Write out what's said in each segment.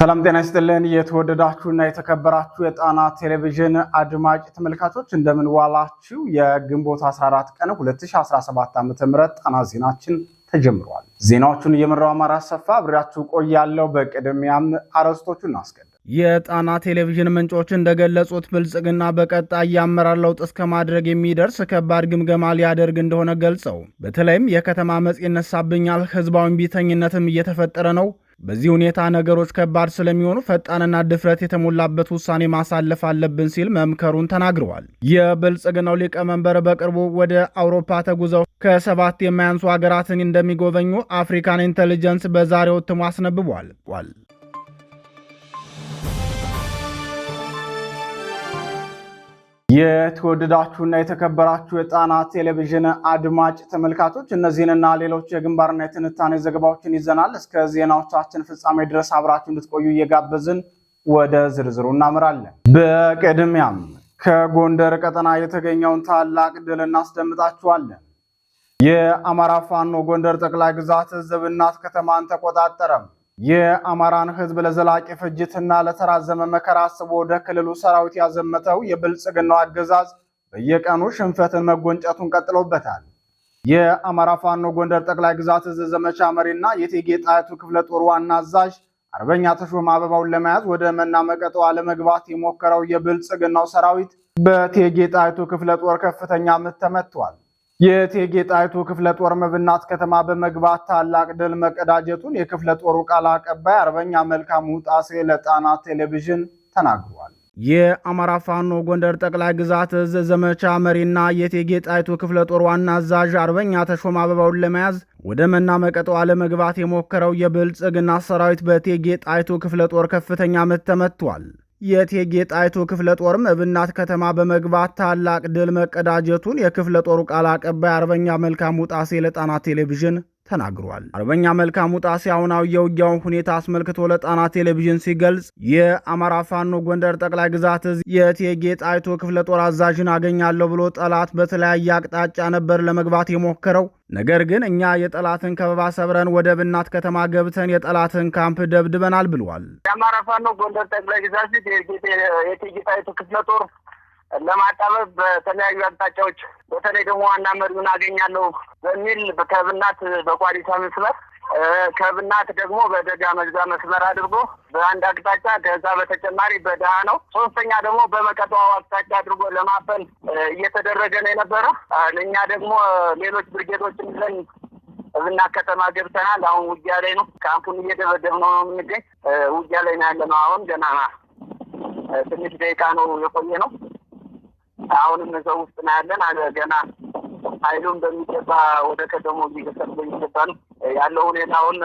ሰላም ጤና ይስጥልን። የተወደዳችሁና የተከበራችሁ የጣና ቴሌቪዥን አድማጭ ተመልካቾች ዋላችሁ? የግንቦት 14 ቀን 2017 ዓ ም ጣና ዜናችን ተጀምሯል። ዜናዎቹን እየመራው አማራ ሰፋ አብሬያችሁ ቆያለው። በቅድሚያም አርዕስቶቹን እናስቀድም። የጣና ቴሌቪዥን ምንጮች እንደገለጹት ብልጽግና በቀጣይ የአመራር ለውጥ እስከ ማድረግ የሚደርስ ከባድ ግምገማ ሊያደርግ እንደሆነ ገልጸው፣ በተለይም የከተማ መጽ ይነሳብኛል፣ ህዝባዊ ቢተኝነትም እየተፈጠረ ነው በዚህ ሁኔታ ነገሮች ከባድ ስለሚሆኑ ፈጣንና ድፍረት የተሞላበት ውሳኔ ማሳለፍ አለብን ሲል መምከሩን ተናግረዋል። የብልጽግናው ሊቀመንበር በቅርቡ ወደ አውሮፓ ተጉዘው ከሰባት የማያንሱ ሀገራትን እንደሚጎበኙ አፍሪካን ኢንተሊጀንስ በዛሬው እትሙ አስነብቧል። የተወደዳችሁና የተከበራችሁ የጣና ቴሌቪዥን አድማጭ ተመልካቾች እነዚህንና ሌሎች የግንባርና የትንታኔ ዘገባዎችን ይዘናል። እስከ ዜናዎቻችን ፍጻሜ ድረስ አብራችሁ እንድትቆዩ እየጋበዝን ወደ ዝርዝሩ እናምራለን። በቅድሚያም ከጎንደር ቀጠና የተገኘውን ታላቅ ድል እናስደምጣችኋለን። የአማራ ፋኖ ጎንደር ጠቅላይ ግዛት ህዝብ እናት ከተማን ተቆጣጠረም። የአማራን ህዝብ ለዘላቂ ፍጅትና ለተራዘመ መከራ አስቦ ወደ ክልሉ ሰራዊት ያዘመተው የብልጽግናው አገዛዝ በየቀኑ ሽንፈትን መጎንጨቱን ቀጥሎበታል። የአማራ ፋኖ ጎንደር ጠቅላይ ግዛት እዝ ዘመቻ መሪና የእቴጌ ጣይቱ ክፍለ ጦር ዋና አዛዥ አርበኛ ተሾመ አበባውን ለመያዝ ወደ መናመቀጠው ለመግባት የሞከረው የብልጽግናው ሰራዊት በእቴጌ ጣይቱ ክፍለ ጦር ከፍተኛ ምት ተመቷል። የእቴጌ ጣይቱ ክፍለ ጦር መብናት ከተማ በመግባት ታላቅ ድል መቀዳጀቱን የክፍለ ጦሩ ቃል አቀባይ አርበኛ መልካሙ ጣሴ ለጣና ቴሌቪዥን ተናግሯል። የአማራ ፋኖ ጎንደር ጠቅላይ ግዛት እዝ ዘመቻ መሪና የእቴጌ ጣይቱ ክፍለ ጦር ዋና አዛዥ አርበኛ ተሾመ አበባውን ለመያዝ ወደ መናመቀጠዋ ለመግባት የሞከረው የብልጽግና ሰራዊት በእቴጌ ጣይቱ ክፍለ ጦር ከፍተኛ ምት ተመቷል። የቴጌ ጣይቱ ክፍለ ጦርም እብናት ከተማ በመግባት ታላቅ ድል መቀዳጀቱን የክፍለ ጦሩ ቃል አቀባይ አርበኛ መልካሙ ጣሴ ለጣና ቴሌቪዥን ተናግሯል። አርበኛ መልካሙ ጣሴ አሁናዊ የውጊያውን ሁኔታ አስመልክቶ ለጣና ቴሌቪዥን ሲገልጽ የአማራ ፋኖ ጎንደር ጠቅላይ ግዛት የቴጌ ጣይቶ ክፍለ ጦር አዛዥን አገኛለሁ ብሎ ጠላት በተለያየ አቅጣጫ ነበር ለመግባት የሞከረው። ነገር ግን እኛ የጠላትን ከበባ ሰብረን ወደ ብናት ከተማ ገብተን የጠላትን ካምፕ ደብድበናል ብሏል። የአማራ ፋኖ ጎንደር ጠቅላይ ግዛት የእቴጌ ጣይቱ ክፍለ ጦር ለማጣበብ በተለያዩ አቅጣጫዎች በተለይ ደግሞ ዋና መሪውን አገኛለሁ በሚል ከብናት በቋሪሳ መስመር ከብናት ደግሞ በደጋ መግዛ መስመር አድርጎ በአንድ አቅጣጫ ከዛ በተጨማሪ በደሃ ነው፣ ሶስተኛ ደግሞ በመቀጠዋው አቅጣጫ አድርጎ ለማፈን እየተደረገ ነው የነበረው። ለእኛ ደግሞ ሌሎች ብርጌዶችን ብለን እብና ከተማ ገብተናል። አሁን ውጊያ ላይ ነው። ካምፑን እየደበደብ ነው ነው የምንገኝ። ውጊያ ላይ ነው ያለ ነው። አሁን ገና ትንሽ ደቂቃ ነው የቆየ ነው። አሁንም እዛው ውስጥ ነው ያለን። ገና ኃይሉን በሚገባ ወደ ከተሞ ሊገሰል በሚገባል ነው ያለው ሁኔታውን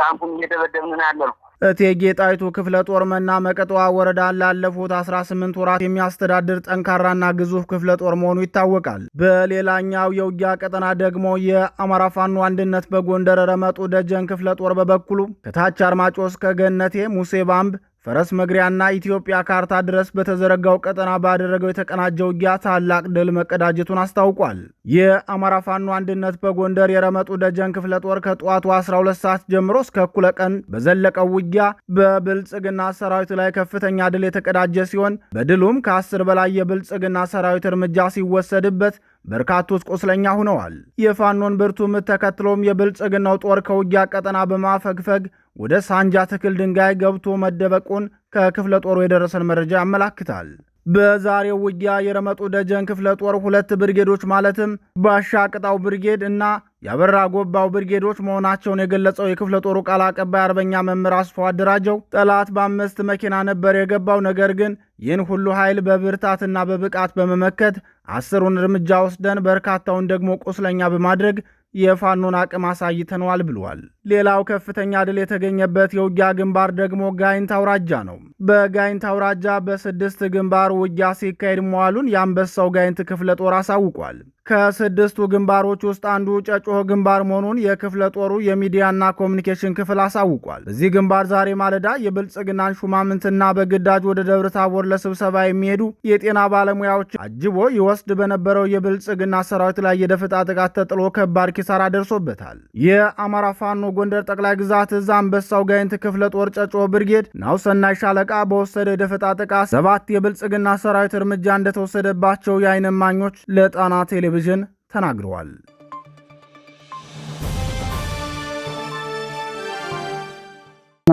ካምፑን እየደበደብን ነው ያለ ነው። እቴጌ ጣይቱ ክፍለ ጦር መና መቀጠዋ ወረዳን ላለፉት 18 ወራት የሚያስተዳድር ጠንካራና ግዙፍ ክፍለ ጦር መሆኑ ይታወቃል። በሌላኛው የውጊያ ቀጠና ደግሞ የአማራ ፋኖ አንድነት በጎንደር ረመጡ ደጀን ክፍለ ጦር በበኩሉ ከታች አርማጮ እስከ ገነቴ ሙሴ ባምብ ፈረስ መግሪያና ኢትዮጵያ ካርታ ድረስ በተዘረጋው ቀጠና ባደረገው የተቀናጀ ውጊያ ታላቅ ድል መቀዳጀቱን አስታውቋል። የአማራ ፋኖ አንድነት በጎንደር የረመጡ ደጀን ክፍለ ጦር ከጠዋቱ 12 ሰዓት ጀምሮ እስከ እኩለ ቀን በዘለቀው ውጊያ በብልጽግና ሰራዊት ላይ ከፍተኛ ድል የተቀዳጀ ሲሆን በድሉም ከ10 በላይ የብልጽግና ሰራዊት እርምጃ ሲወሰድበት በርካቶች ቁስለኛ ሆነዋል። የፋኖን ብርቱ ምት ተከትሎም የብልጽግናው ጦር ከውጊያ ቀጠና በማፈግፈግ ወደ ሳንጃ ትክል ድንጋይ ገብቶ መደበቁን ከክፍለ ጦሩ የደረሰን መረጃ ያመላክታል። በዛሬው ውጊያ የረመጡ ደጀን ክፍለ ጦር ሁለት ብርጌዶች ማለትም ባሻ ቅጣው ብርጌድ እና ያበራ ጎባው ብርጌዶች መሆናቸውን የገለጸው የክፍለ ጦሩ ቃል አቀባይ አርበኛ መምህር አስፋው አደራጀው ጠላት በአምስት መኪና ነበር የገባው። ነገር ግን ይህን ሁሉ ኃይል በብርታትና በብቃት በመመከት አስሩን እርምጃ ወስደን በርካታውን ደግሞ ቁስለኛ በማድረግ የፋኖን አቅም አሳይተነዋል ብሏል። ሌላው ከፍተኛ ድል የተገኘበት የውጊያ ግንባር ደግሞ ጋይንት አውራጃ ነው። በጋይንት አውራጃ በስድስት ግንባር ውጊያ ሲካሄድ መዋሉን የአንበሳው ጋይንት ክፍለ ጦር አሳውቋል። ከስድስቱ ግንባሮች ውስጥ አንዱ ጨጮሆ ግንባር መሆኑን የክፍለ ጦሩ የሚዲያና ኮሚኒኬሽን ክፍል አሳውቋል። በዚህ ግንባር ዛሬ ማለዳ የብልጽግናን ሹማምንትና በግዳጅ ወደ ደብረ ታቦር ለስብሰባ የሚሄዱ የጤና ባለሙያዎች አጅቦ ይወስድ በነበረው የብልጽግና ሰራዊት ላይ የደፈጣ ጥቃት ተጥሎ ከባድ ኪሳራ ደርሶበታል። የአማራ ፋኖ ጎንደር ጠቅላይ ግዛት እዝ አንበሳው ጋይንት ክፍለ ጦር ጨጮሆ ብርጌድ ናውሰናይ ሻለቃ በወሰደ የደፈጣ ጥቃት ሰባት የብልጽግና ሰራዊት እርምጃ እንደተወሰደባቸው የአይን እማኞች ለጣና ቴሌቪዥን ቴሌቪዥን ተናግረዋል።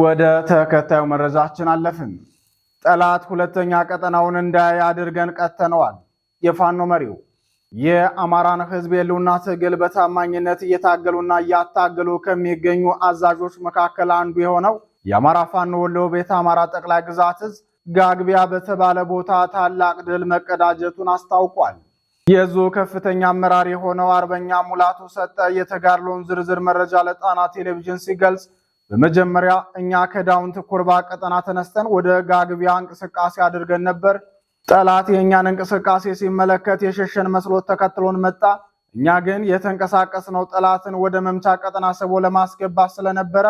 ወደ ተከታዩ መረጃችን አለፍን። ጠላት ሁለተኛ ቀጠናውን እንዳያይ አድርገን ቀተነዋል። የፋኖ መሪው የአማራን ሕዝብ የልውና ትግል በታማኝነት እየታገሉና እያታገሉ ከሚገኙ አዛዦች መካከል አንዱ የሆነው የአማራ ፋኖ ወሎ ቤት አማራ ጠቅላይ ግዛት እዝ ጋግቢያ በተባለ ቦታ ታላቅ ድል መቀዳጀቱን አስታውቋል። የዞ ከፍተኛ አመራር የሆነው አርበኛ ሙላቱ ሰጠ የተጋድሎውን ዝርዝር መረጃ ለጣና ቴሌቪዥን ሲገልጽ በመጀመሪያ እኛ ከዳውንት ኩርባ ቀጠና ተነስተን ወደ ጋግቢያ እንቅስቃሴ አድርገን ነበር። ጠላት የእኛን እንቅስቃሴ ሲመለከት የሸሸን መስሎት ተከትሎን መጣ። እኛ ግን የተንቀሳቀስነው ጠላትን ወደ መምቻ ቀጠና ስቦ ለማስገባት ስለነበረ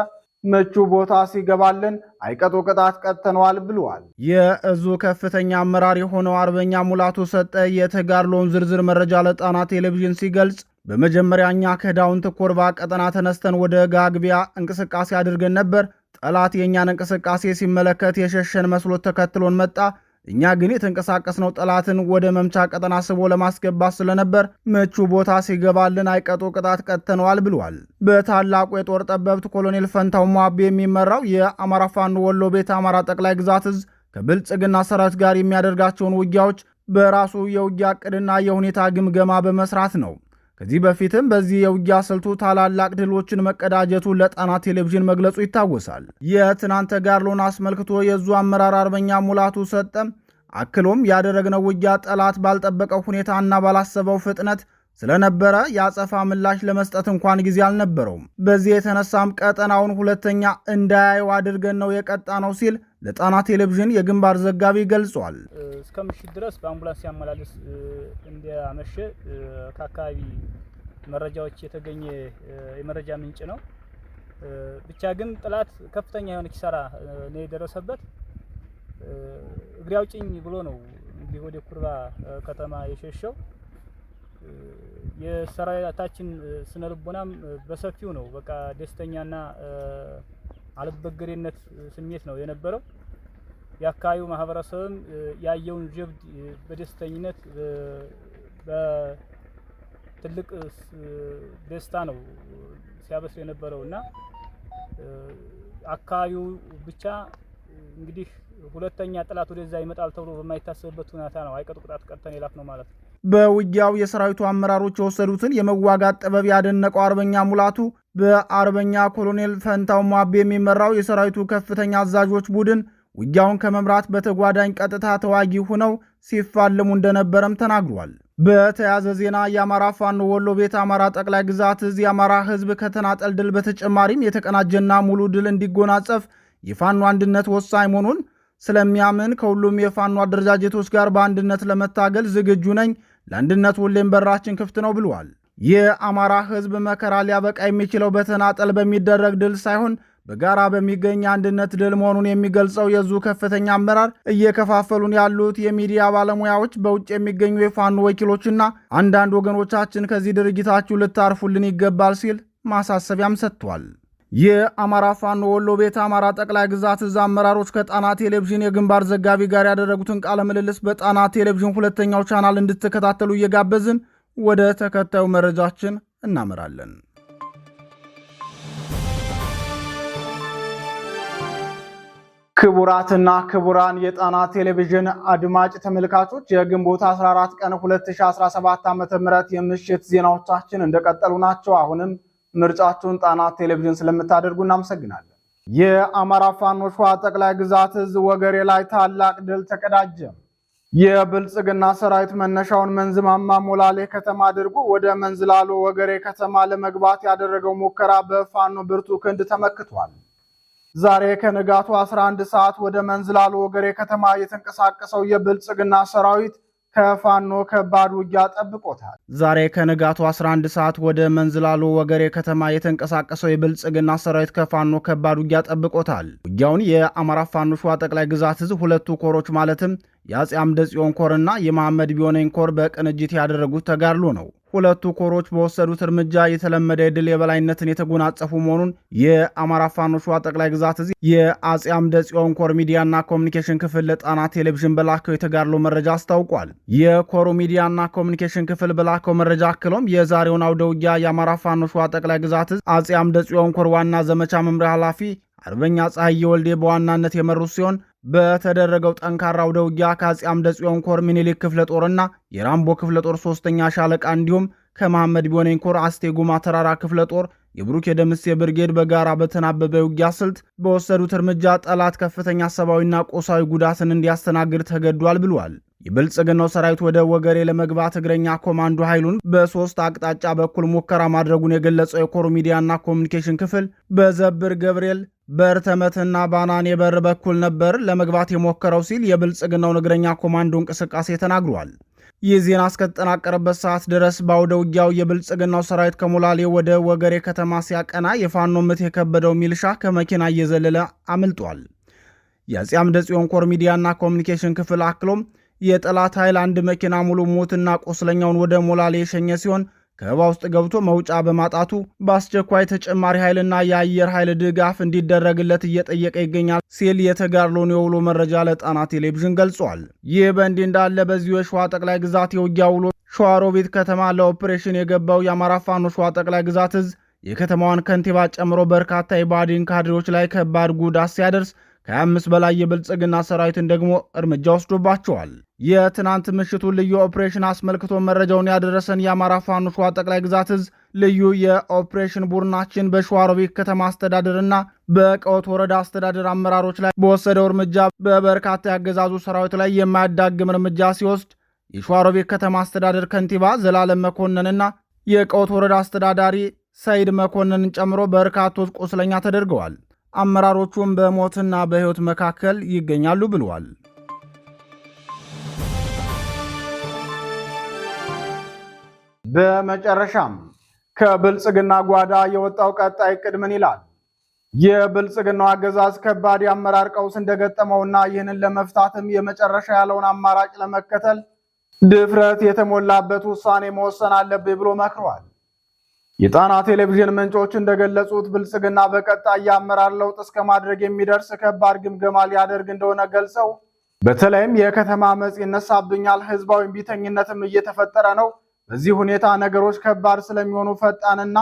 ምቹ ቦታ ሲገባልን አይቀጡ ቅጣት ቀጥተነዋል ብለዋል። የእዙ ከፍተኛ አመራር የሆነው አርበኛ ሙላቱ ሰጠ የተጋድሎውን ዝርዝር መረጃ ለጣና ቴሌቪዥን ሲገልጽ በመጀመሪያኛ ከዳውንት ኮርባ ቀጠና ተነስተን ወደ ጋግቢያ እንቅስቃሴ አድርገን ነበር። ጠላት የእኛን እንቅስቃሴ ሲመለከት የሸሸን መስሎት ተከትሎን መጣ። እኛ ግን የተንቀሳቀስነው ጠላትን ወደ መምቻ ቀጠና ስቦ ለማስገባት ስለነበር ምቹ ቦታ ሲገባልን አይቀጡ ቅጣት ቀጥተነዋል ብሏል። በታላቁ የጦር ጠበብት ኮሎኔል ፈንታው ሟቤ የሚመራው የአማራ ፋኖ ወሎ ቤት አማራ ጠቅላይ ግዛት እዝ ከብልጽግና ሰራዊት ጋር የሚያደርጋቸውን ውጊያዎች በራሱ የውጊያ ቅድና የሁኔታ ግምገማ በመስራት ነው። ከዚህ በፊትም በዚህ የውጊያ ስልቱ ታላላቅ ድሎችን መቀዳጀቱ ለጣና ቴሌቪዥን መግለጹ ይታወሳል። የትናንት ተጋድሎን አስመልክቶ የዙ አመራር አርበኛ ሙላቱ ሰጠም አክሎም ያደረግነው ውጊያ ጠላት ባልጠበቀው እና ባላሰበው ፍጥነት ስለነበረ የአጸፋ ምላሽ ለመስጠት እንኳን ጊዜ አልነበረውም። በዚህ የተነሳም ቀጠናውን ሁለተኛ እንዳያየው አድርገን ነው የቀጣ ነው ሲል ለጣና ቴሌቪዥን የግንባር ዘጋቢ ገልጿል። እስከ ምሽት ድረስ በአምቡላንስ ሲያመላልስ እንዲያመሸ ከአካባቢ መረጃዎች የተገኘ የመረጃ ምንጭ ነው። ብቻ ግን ጥላት ከፍተኛ የሆነ ኪሳራ ነው የደረሰበት። እግሬ አውጭኝ ብሎ ነው እንግዲህ ወደ ኩርባ ከተማ የሸሸው። የሰራዊታችን ስነልቦናም በሰፊው ነው በቃ ደስተኛና አልበገሬነት ስሜት ነው የነበረው። የአካባቢው ማህበረሰብም ያየውን ጀብድ በደስተኝነት በትልቅ ደስታ ነው ሲያበስር የነበረው እና አካባቢው ብቻ እንግዲህ ሁለተኛ ጠላት ወደዛ ይመጣል ተብሎ በማይታሰብበት ሁኔታ ነው አይቀጡ ቅጣት ቀጥተን የላክ ነው ማለት ነው። በውጊያው የሰራዊቱ አመራሮች የወሰዱትን የመዋጋት ጥበብ ያደነቀው አርበኛ ሙላቱ በአርበኛ ኮሎኔል ፈንታው ሟቤ የሚመራው የሰራዊቱ ከፍተኛ አዛዦች ቡድን ውጊያውን ከመምራት በተጓዳኝ ቀጥታ ተዋጊ ሆነው ሲፋለሙ እንደነበረም ተናግሯል። በተያዘ ዜና የአማራ ፋኖ ወሎ ቤት አማራ ጠቅላይ ግዛት እዝ የአማራ ሕዝብ ከተናጠል ድል በተጨማሪም የተቀናጀና ሙሉ ድል እንዲጎናጸፍ የፋኖ አንድነት ወሳኝ መሆኑን ስለሚያምን ከሁሉም የፋኖ አደረጃጀቶች ጋር በአንድነት ለመታገል ዝግጁ ነኝ ለአንድነት ሁሌም በራችን ክፍት ነው ብለዋል። የአማራ ህዝብ መከራ ሊያበቃ የሚችለው በተናጠል በሚደረግ ድል ሳይሆን በጋራ በሚገኝ አንድነት ድል መሆኑን የሚገልጸው የዙ ከፍተኛ አመራር እየከፋፈሉን ያሉት የሚዲያ ባለሙያዎች፣ በውጭ የሚገኙ የፋኖ ወኪሎችና አንዳንድ ወገኖቻችን ከዚህ ድርጊታችሁ ልታርፉልን ይገባል ሲል ማሳሰቢያም ሰጥቷል። የአማራ ፋኖ ወሎ ቤት አማራ ጠቅላይ ግዛት እዝ አመራሮች ከጣና ቴሌቪዥን የግንባር ዘጋቢ ጋር ያደረጉትን ቃለ ምልልስ በጣና ቴሌቪዥን ሁለተኛው ቻናል እንድትከታተሉ እየጋበዝን ወደ ተከታዩ መረጃችን እናመራለን። ክቡራትና ክቡራን የጣና ቴሌቪዥን አድማጭ ተመልካቾች የግንቦት 14 ቀን 2017 ዓ.ም የምሽት ዜናዎቻችን እንደቀጠሉ ናቸው። አሁንም ምርጫችሁን ጣና ቴሌቪዥን ስለምታደርጉ እናመሰግናለን። የአማራ ፋኖ ሸዋ ጠቅላይ ግዛት እዝ ወገሬ ላይ ታላቅ ድል ተቀዳጀ። የብልጽግና ሰራዊት መነሻውን መንዝማማ ሞላሌ ከተማ አድርጎ ወደ መንዝላሎ ወገሬ ከተማ ለመግባት ያደረገው ሙከራ በፋኖ ብርቱ ክንድ ተመክቷል። ዛሬ ከንጋቱ 11 ሰዓት ወደ መንዝላሎ ወገሬ ከተማ የተንቀሳቀሰው የብልጽግና ሰራዊት ከፋኖ ከባድ ውጊያ ጠብቆታል። ዛሬ ከንጋቱ 11 ሰዓት ወደ መንዝላሎ ወገሬ ከተማ የተንቀሳቀሰው የብልጽግና ሰራዊት ከፋኖ ከባድ ውጊያ ጠብቆታል። ውጊያውን የአማራ ፋኖ ሸዋ ጠቅላይ ግዛት እዝ ሁለቱ ኮሮች ማለትም የአጼ አምደ ጽዮን ኮርና የመሐመድ ቢሆነኝ ኮር በቅንጅት ያደረጉት ተጋድሎ ነው። ሁለቱ ኮሮች በወሰዱት እርምጃ የተለመደ የድል የበላይነትን የተጎናጸፉ መሆኑን የአማራ ፋኖ ሸዋ ጠቅላይ ግዛት እዚህ የአጼ አምደ ጽዮን ኮር ሚዲያና ኮሚኒኬሽን ክፍል ለጣና ቴሌቪዥን በላከው የተጋድሎ መረጃ አስታውቋል። የኮሩ ሚዲያና ኮሚኒኬሽን ክፍል በላከው መረጃ አክሎም የዛሬውን አውደ ውጊያ የአማራ ፋኖ ሸዋ ጠቅላይ ግዛት እዝ አጼ አምደ ጽዮን ኮር ዋና ዘመቻ መምሪያ ኃላፊ አርበኛ ፀሐይ ወልዴ በዋናነት የመሩት ሲሆን በተደረገው ጠንካራ አውደ ውጊያ ከአጼ አምደ ጽዮን ኮር ሚኒሊክ ክፍለ ጦርና የራምቦ ክፍለ ጦር ሶስተኛ ሻለቃ እንዲሁም ከመሐመድ ቢሆነኝ ኮር ጉማ ተራራ ክፍለ ጦር የብሩክ የደምስ የብርጌድ በጋራ በተናበበ ውጊያ ስልት በወሰዱት እርምጃ ጠላት ከፍተኛ ሰብአዊና ቆሳዊ ጉዳትን እንዲያስተናግድ ተገዷል ብሏል። የብልጽግናው ሰራዊት ወደ ወገሬ ለመግባት እግረኛ ኮማንዶ ኃይሉን በሶስት አቅጣጫ በኩል ሙከራ ማድረጉን የገለጸው የኮር ሚዲያና ኮሚኒኬሽን ክፍል በዘብር ገብርኤል በርተመትና ባናኔ በር በኩል ነበር ለመግባት የሞከረው ሲል የብልጽግናውን እግረኛ ኮማንዶ እንቅስቃሴ ተናግሯል። ይህ ዜና እስከተጠናቀረበት ሰዓት ድረስ በአውደ ውጊያው የብልጽግናው ሰራዊት ከሞላሌ ወደ ወገሬ ከተማ ሲያቀና የፋኖ ምት የከበደው ሚልሻ ከመኪና እየዘለለ አምልጧል። የአጼ አምደ ጽዮን ኮር ሚዲያና ኮሚኒኬሽን ክፍል አክሎም የጠላት ኃይል አንድ መኪና ሙሉ ሞትና ቆስለኛውን ወደ ሞላሌ የሸኘ ሲሆን ከበባ ውስጥ ገብቶ መውጫ በማጣቱ በአስቸኳይ ተጨማሪ ኃይልና የአየር ኃይል ድጋፍ እንዲደረግለት እየጠየቀ ይገኛል ሲል የተጋርሎን የውሎ መረጃ ለጣና ቴሌቪዥን ገልጿል። ይህ በእንዲህ እንዳለ በዚሁ የሸዋ ጠቅላይ ግዛት የውጊያ ውሎ ሸዋሮቢት ከተማ ለኦፕሬሽን የገባው የአማራ ፋኖ ሸዋ ጠቅላይ ግዛት እዝ የከተማዋን ከንቲባ ጨምሮ በርካታ የባዲን ካድሬዎች ላይ ከባድ ጉዳት ሲያደርስ ከአምስት በላይ የብልጽግና ሰራዊትን ደግሞ እርምጃ ወስዶባቸዋል። የትናንት ምሽቱን ልዩ ኦፕሬሽን አስመልክቶ መረጃውን ያደረሰን የአማራ ፋኖ ሸዋ ጠቅላይ ግዛት እዝ ልዩ የኦፕሬሽን ቡድናችን በሸዋሮቢት ከተማ አስተዳደርና በቀወት ወረዳ አስተዳደር አመራሮች ላይ በወሰደው እርምጃ በበርካታ ያገዛዙ ሰራዊት ላይ የማያዳግም እርምጃ ሲወስድ የሸዋሮቢት ከተማ አስተዳደር ከንቲባ ዘላለም መኮንንና የቀወት ወረዳ አስተዳዳሪ ሰይድ መኮንንን ጨምሮ በርካቶች ቁስለኛ ተደርገዋል። አመራሮቹም በሞትና በሕይወት መካከል ይገኛሉ ብለዋል። በመጨረሻም ከብልጽግና ጓዳ የወጣው ቀጣይ እቅድ ምን ይላል? የብልጽግናው አገዛዝ ከባድ የአመራር ቀውስ እንደገጠመውና ይህንን ለመፍታትም የመጨረሻ ያለውን አማራጭ ለመከተል ድፍረት የተሞላበት ውሳኔ መወሰን አለብኝ ብሎ መክሯል። የጣና ቴሌቪዥን ምንጮች እንደገለጹት ብልጽግና በቀጣይ የአመራር ለውጥ እስከ ማድረግ የሚደርስ ከባድ ግምገማ ሊያደርግ እንደሆነ ገልጸው፣ በተለይም የከተማ መጽ ይነሳብኛል፣ ህዝባዊ እምቢተኝነትም እየተፈጠረ ነው በዚህ ሁኔታ ነገሮች ከባድ ስለሚሆኑ ፈጣንና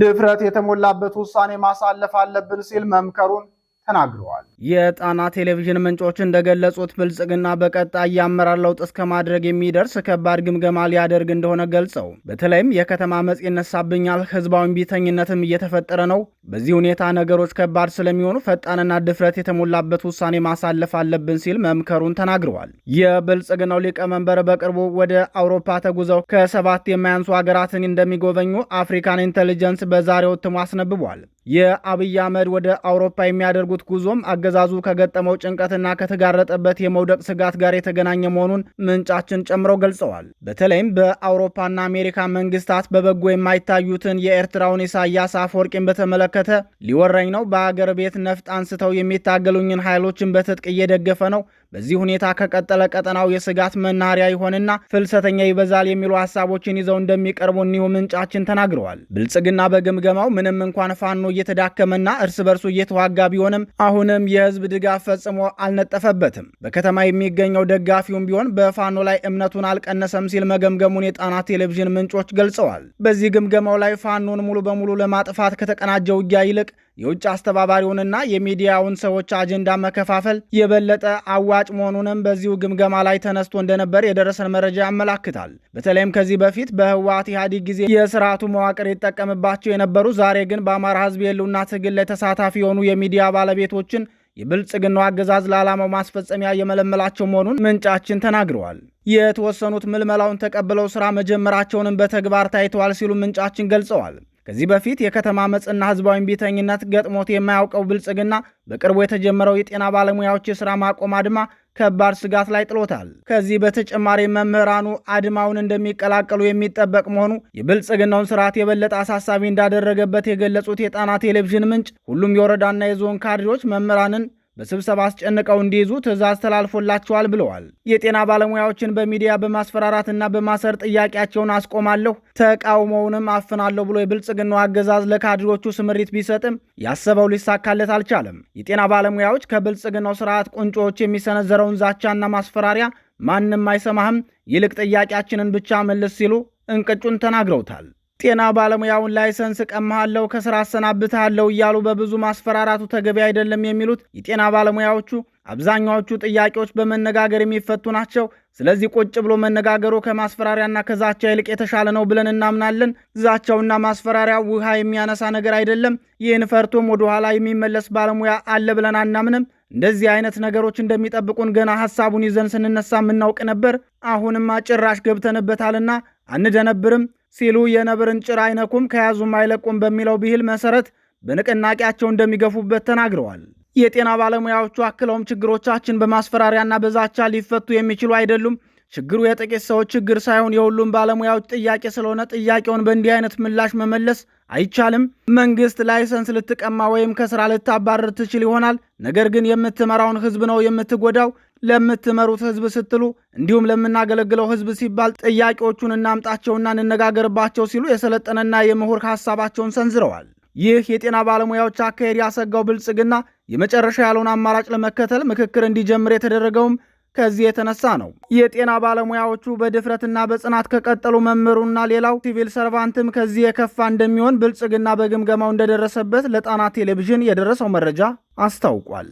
ድፍረት የተሞላበት ውሳኔ ማሳለፍ አለብን ሲል መምከሩን ተናግረዋል። የጣና ቴሌቪዥን ምንጮች እንደገለጹት ብልጽግና በቀጣይ የአመራር ለውጥ እስከ ማድረግ የሚደርስ ከባድ ግምገማ ሊያደርግ እንደሆነ ገልጸው፣ በተለይም የከተማ መጽ ይነሳብኛል፣ ህዝባዊ ቢተኝነትም እየተፈጠረ ነው በዚህ ሁኔታ ነገሮች ከባድ ስለሚሆኑ ፈጣንና ድፍረት የተሞላበት ውሳኔ ማሳለፍ አለብን ሲል መምከሩን ተናግረዋል። የብልጽግናው ሊቀመንበር በቅርቡ ወደ አውሮፓ ተጉዘው ከሰባት የማያንሱ ሀገራትን እንደሚጎበኙ አፍሪካን ኢንቴሊጀንስ በዛሬው እትሙ አስነብቧል። የአብይ አህመድ ወደ አውሮፓ የሚያደርጉት ጉዞም አገዛዙ ከገጠመው ጭንቀትና ከተጋረጠበት የመውደቅ ስጋት ጋር የተገናኘ መሆኑን ምንጫችን ጨምረው ገልጸዋል። በተለይም በአውሮፓና አሜሪካ መንግስታት በበጎ የማይታዩትን የኤርትራውን ኢሳያስ አፈወርቂን በተመለከ በተመለከተ ሊወረኝ ነው። በአገር ቤት ነፍጥ አንስተው የሚታገሉኝን ኃይሎችን በትጥቅ እየደገፈ ነው። በዚህ ሁኔታ ከቀጠለ ቀጠናው የስጋት መናኸሪያ ይሆንና ፍልሰተኛ ይበዛል የሚሉ ሀሳቦችን ይዘው እንደሚቀርቡ እኒሁ ምንጫችን ተናግረዋል። ብልጽግና በግምገማው ምንም እንኳን ፋኖ እየተዳከመና እርስ በርሱ እየተዋጋ ቢሆንም አሁንም የህዝብ ድጋፍ ፈጽሞ አልነጠፈበትም፣ በከተማ የሚገኘው ደጋፊውም ቢሆን በፋኖ ላይ እምነቱን አልቀነሰም ሲል መገምገሙን የጣና ቴሌቪዥን ምንጮች ገልጸዋል። በዚህ ግምገማው ላይ ፋኖን ሙሉ በሙሉ ለማጥፋት ከተቀናጀ ውጊያ ይልቅ የውጭ አስተባባሪውንና የሚዲያውን ሰዎች አጀንዳ መከፋፈል የበለጠ አዋጭ መሆኑንም በዚሁ ግምገማ ላይ ተነስቶ እንደነበር የደረሰን መረጃ ያመላክታል። በተለይም ከዚህ በፊት በህወሓት ኢህአዴግ ጊዜ የስርዓቱ መዋቅር ይጠቀምባቸው የነበሩ ዛሬ ግን በአማራ ህዝብ የህልውና ትግል ላይ ተሳታፊ የሆኑ የሚዲያ ባለቤቶችን የብልጽግናው አገዛዝ ለዓላማው ማስፈጸሚያ የመለመላቸው መሆኑን ምንጫችን ተናግረዋል። የተወሰኑት ምልመላውን ተቀብለው ስራ መጀመራቸውንም በተግባር ታይተዋል ሲሉ ምንጫችን ገልጸዋል። ከዚህ በፊት የከተማ መጽና ህዝባዊ እምቢተኝነት ገጥሞት የማያውቀው ብልጽግና በቅርቡ የተጀመረው የጤና ባለሙያዎች የሥራ ማቆም አድማ ከባድ ስጋት ላይ ጥሎታል። ከዚህ በተጨማሪ መምህራኑ አድማውን እንደሚቀላቀሉ የሚጠበቅ መሆኑ የብልጽግናውን ስርዓት የበለጠ አሳሳቢ እንዳደረገበት የገለጹት የጣና ቴሌቪዥን ምንጭ ሁሉም የወረዳና የዞን ካድሬዎች መምህራንን በስብሰባ አስጨንቀው እንዲይዙ ትዕዛዝ ተላልፎላቸዋል ብለዋል። የጤና ባለሙያዎችን በሚዲያ በማስፈራራትና በማሰር ጥያቄያቸውን አስቆማለሁ፣ ተቃውሞውንም አፍናለሁ ብሎ የብልጽግናው አገዛዝ ለካድሮቹ ስምሪት ቢሰጥም ያሰበው ሊሳካለት አልቻለም። የጤና ባለሙያዎች ከብልጽግናው ስርዓት ቁንጮዎች የሚሰነዘረውን ዛቻና ማስፈራሪያ ማንም አይሰማህም፣ ይልቅ ጥያቄያችንን ብቻ መልስ ሲሉ እንቅጩን ተናግረውታል። ጤና ባለሙያውን ላይሰንስ ቀማሃለው፣ ከስራ አሰናብትሃለው እያሉ በብዙ ማስፈራራቱ ተገቢ አይደለም የሚሉት የጤና ባለሙያዎቹ አብዛኛዎቹ ጥያቄዎች በመነጋገር የሚፈቱ ናቸው። ስለዚህ ቁጭ ብሎ መነጋገሩ ከማስፈራሪያና ከዛቻ ይልቅ የተሻለ ነው ብለን እናምናለን። ዛቻውና ማስፈራሪያ ውሃ የሚያነሳ ነገር አይደለም። ይህን ፈርቶም ወደኋላ የሚመለስ ባለሙያ አለ ብለን አናምንም። እንደዚህ አይነት ነገሮች እንደሚጠብቁን ገና ሀሳቡን ይዘን ስንነሳ የምናውቅ ነበር። አሁንማ ጭራሽ ገብተንበታልና አንደነብርም። ሲሉ የነብርን ጭራ አይነኩም ከያዙም አይለቁም በሚለው ብሂል መሰረት በንቅናቄያቸው እንደሚገፉበት ተናግረዋል። የጤና ባለሙያዎቹ አክለውም ችግሮቻችን በማስፈራሪያና በዛቻ ሊፈቱ የሚችሉ አይደሉም። ችግሩ የጥቂት ሰዎች ችግር ሳይሆን የሁሉም ባለሙያዎች ጥያቄ ስለሆነ ጥያቄውን በእንዲህ አይነት ምላሽ መመለስ አይቻልም። መንግስት ላይሰንስ ልትቀማ ወይም ከስራ ልታባረር ትችል ይሆናል። ነገር ግን የምትመራውን ህዝብ ነው የምትጎዳው። ለምትመሩት ህዝብ ስትሉ እንዲሁም ለምናገለግለው ህዝብ ሲባል ጥያቄዎቹን እናምጣቸውና እንነጋገርባቸው ሲሉ የሰለጠነና የምሁር ሀሳባቸውን ሰንዝረዋል። ይህ የጤና ባለሙያዎች አካሄድ ያሰጋው ብልጽግና የመጨረሻ ያለውን አማራጭ ለመከተል ምክክር እንዲጀምር የተደረገውም ከዚህ የተነሳ ነው። የጤና ባለሙያዎቹ በድፍረትና በጽናት ከቀጠሉ መምህሩና ሌላው ሲቪል ሰርቫንትም ከዚህ የከፋ እንደሚሆን ብልጽግና በግምገማው እንደደረሰበት ለጣና ቴሌቪዥን የደረሰው መረጃ አስታውቋል።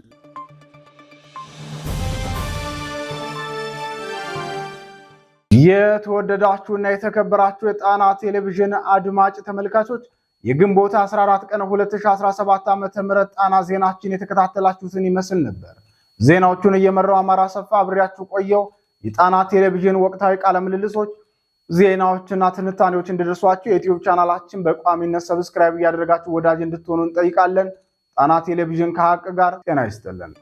እና የተከበራችሁ የጣና ቴሌቪዥን አድማጭ ተመልካቾች የግንቦት 14 ቀን 2017 ዓ.ም ጣና ዜናችን የተከታተላችሁትን ይመስል ነበር። ዜናዎቹን እየመራው አማራ ሰፋ አብሬያችሁ ቆየው። የጣና ቴሌቪዥን ወቅታዊ ቃለ ምልልሶች፣ ዜናዎችና ትንታኔዎች እንዲደርሷችሁ የዩቲዩብ ቻናላችን በቋሚነት ሰብስክራይብ እያደረጋችሁ ወዳጅ እንድትሆኑ እንጠይቃለን። ጣና ቴሌቪዥን ከሀቅ ጋር ጤና ይስጥልን።